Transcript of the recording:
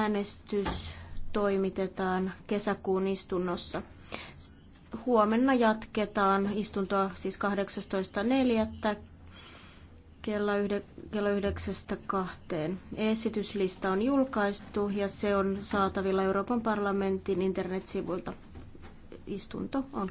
Äänestys toimitetaan kesäkuun istunnossa. Huomenna jatketaan istuntoa siis 18.4. Kello, yhde, kello Esityslista on julkaistu ja se on saatavilla Euroopan parlamentin internetsivuilta. Istunto on